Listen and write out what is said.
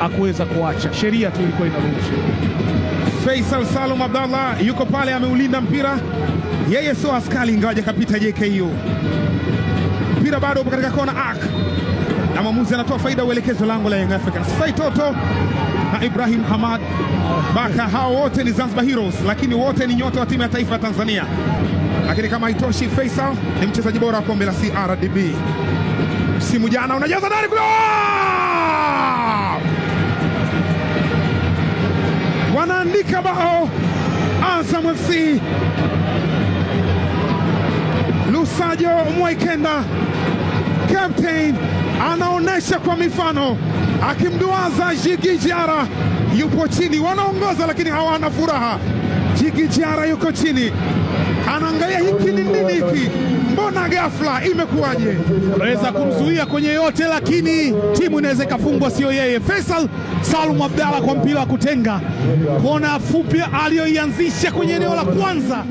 hakuweza kuacha, sheria tu ilikuwa inaruhusu. Faisal Salum Abdallah yuko pale, ameulinda mpira, yeye sio askari, ingawaje kapita JKU. Mpira bado upo katika kona ak na mwamuzi anatoa faida uelekezo lango la Young Africans. toto na Ibrahim Hamad Baka, hao wote ni Zanzibar Heroes, lakini wote ni nyota wa timu ya taifa ya Tanzania. Lakini kama haitoshi, Faisal ni mchezaji bora wa kombe la CRDB msimu jana, unajaza dari kule wanaandika bao Azam FC. Lusajo Mwaikenda captain anaonyesha kwa mifano, akimduaza Jigi Jara yupo chini. Wanaongoza lakini hawana furaha. Jigi Jara yuko chini, anaangalia Mbona ghafla imekuwaje? Unaweza kumzuia kwenye yote, lakini timu inaweza ikafungwa, siyo yeye. Faisal Salum Abdalla kwa mpira wa kutenga kona fupi aliyoianzisha kwenye eneo la kwanza.